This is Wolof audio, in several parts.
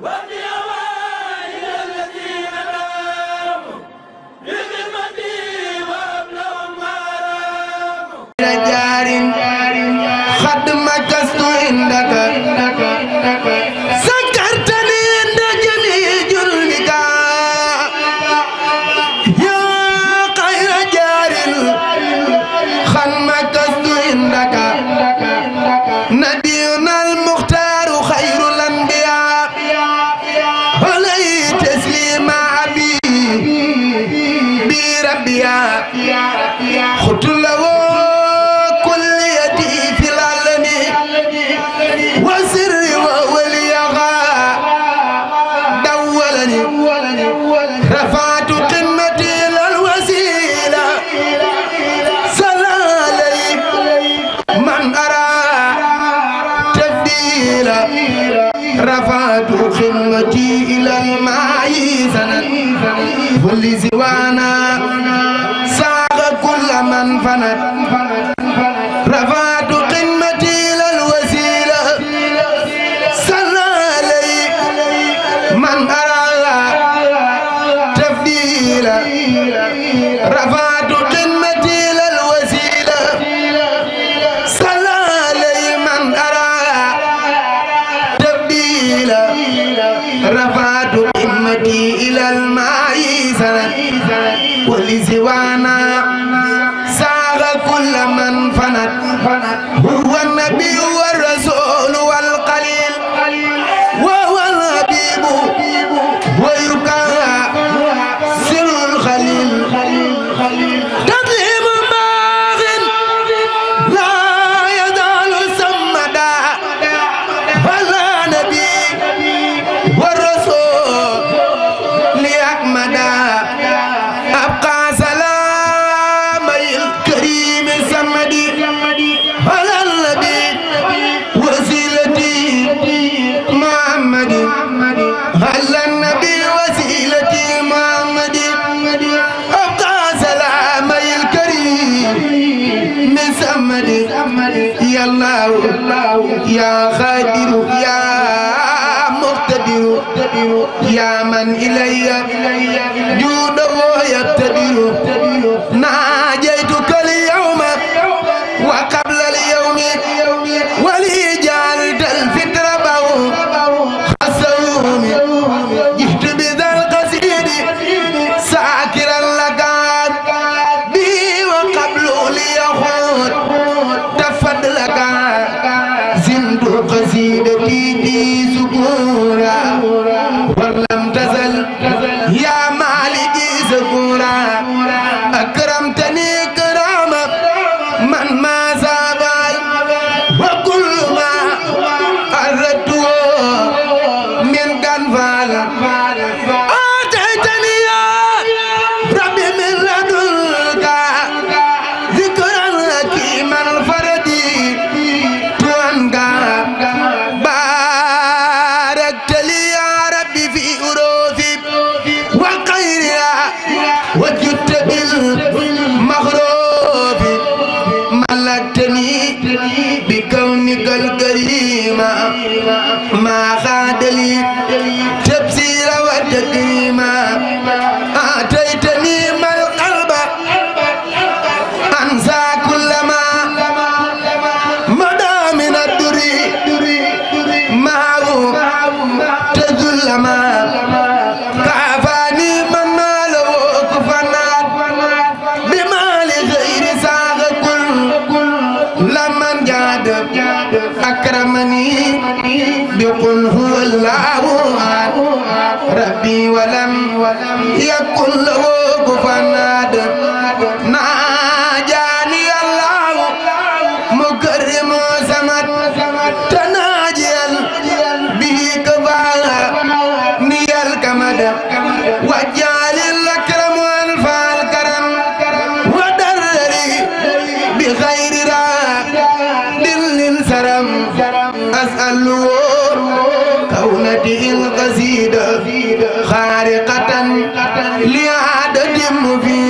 One رفعت خمتي إلى الماء سنا فلزوانا ساق كل من فنت tafsira wa taqima lu wóor kaw na di il xasida xaariqatan li aadatim fi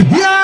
Yeah!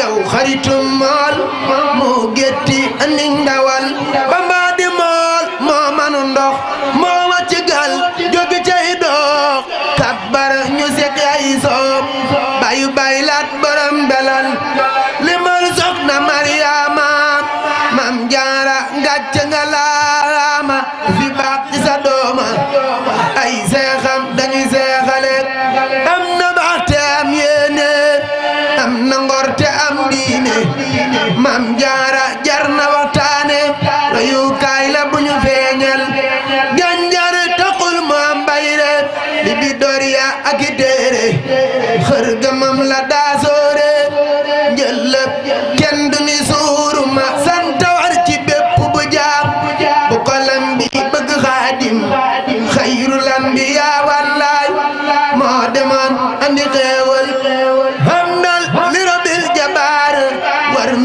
yow xaritum maal mu gétti andi ndawal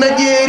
¡Gracias!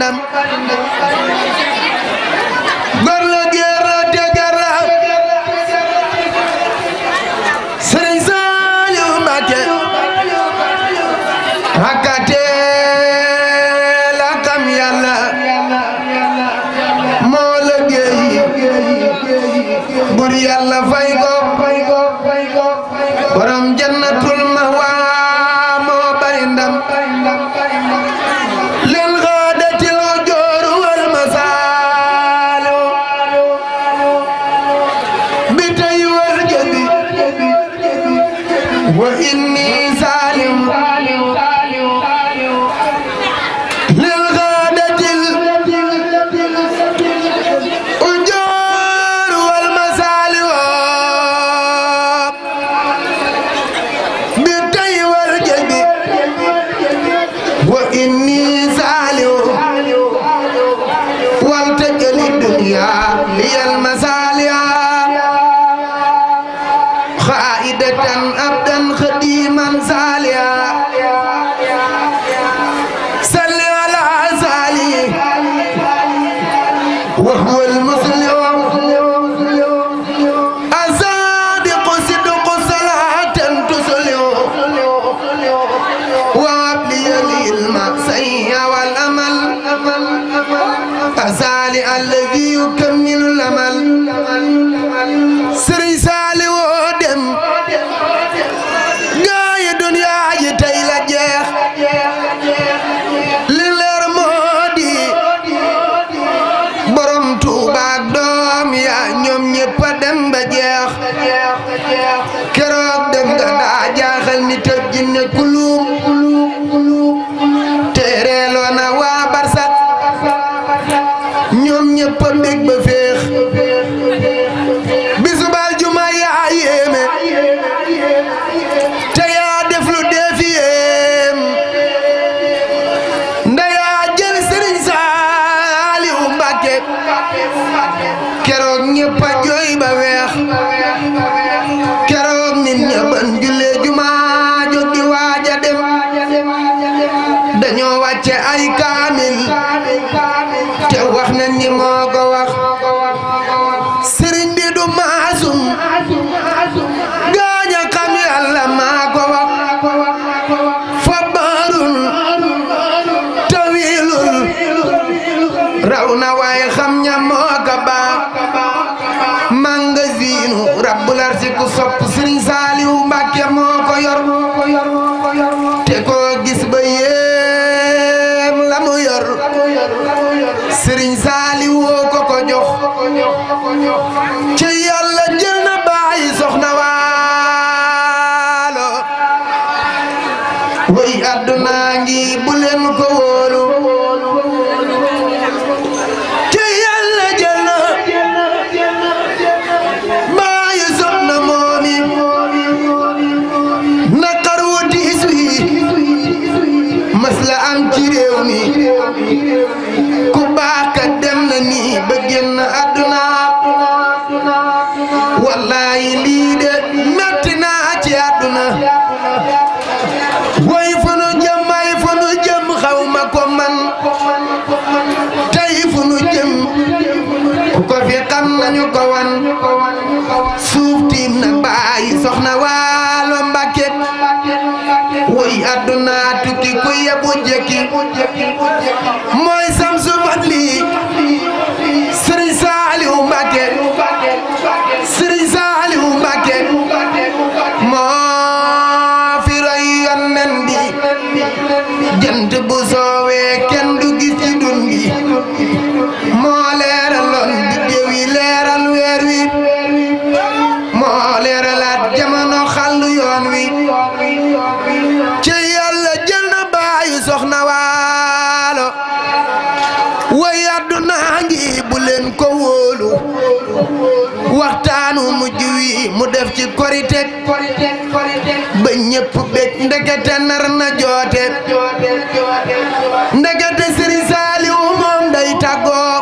jahannam what it means. কামাল কামাল কামাল Antireu-me. nawaalo woy addunaangi bulen ko woolu waxtaanu mu jiwi mu def ci koritek ba ñëpp ɓéj ndekete nar na joote ndekete sirisaaliwu moom day tàggoo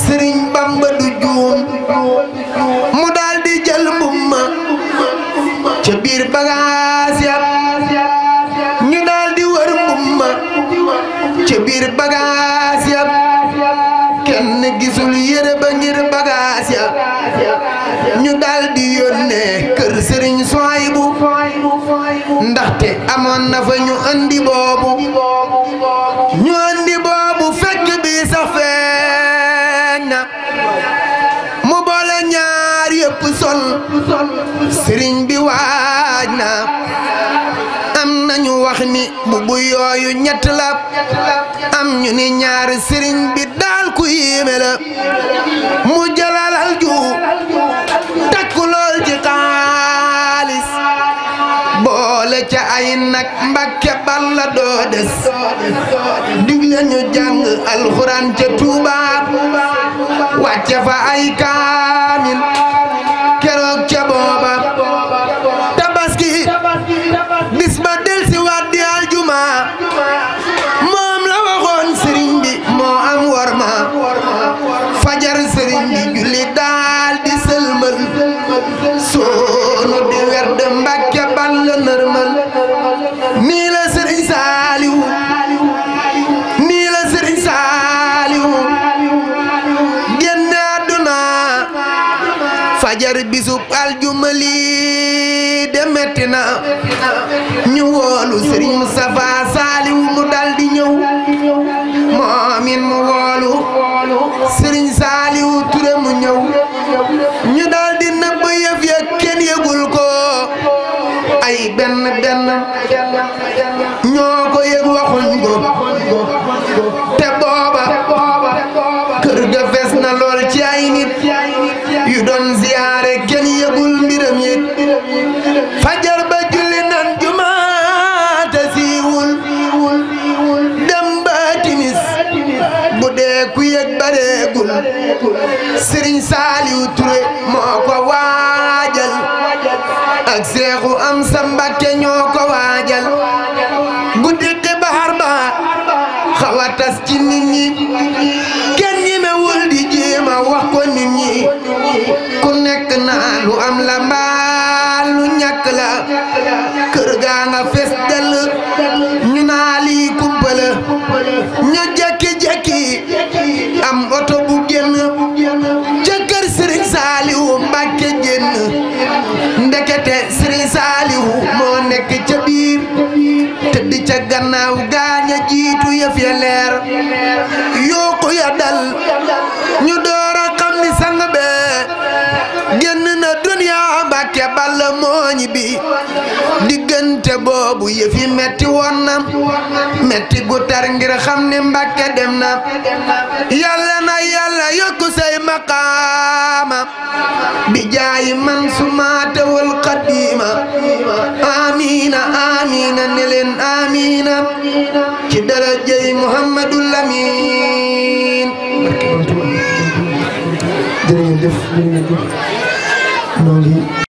sëriñ bamba du juum mu daldi jël mbumma ca biir bagaas ya ñu daldi wër mbumma ca biir yooyu ñett la am ñu ni ñaari sëriñ bi daal ku yéeme la mu jëlalal ju takku lool boole ca ay nag mbakke bal la doo des digle ñu jàng alxuraan ca Tuuba wàcce fa ay kaamil ay benn benn ñoo yëg waxuñ te booba kër ga fees na lool ci ay nit yu doon ziyaare kenn yëgul mbiram yi fajar ba julli siiwul dem ba timis bu dee ku yëg bareegul Sëriñ Ture moo ko waajal ak seexu ndekete sëriñ saalihu moo nekk ca biir tëdd ca gannaaw gaañ a jiitu yëf ya boobu yëf yi metti woon na metti gu tar ngir xam ni mbàkke dem na yàlla na yàlla yokku say maqaama bi jaayi man sumaatewul xadiima amiina amiina ne amiina ci darajay muhammadul amin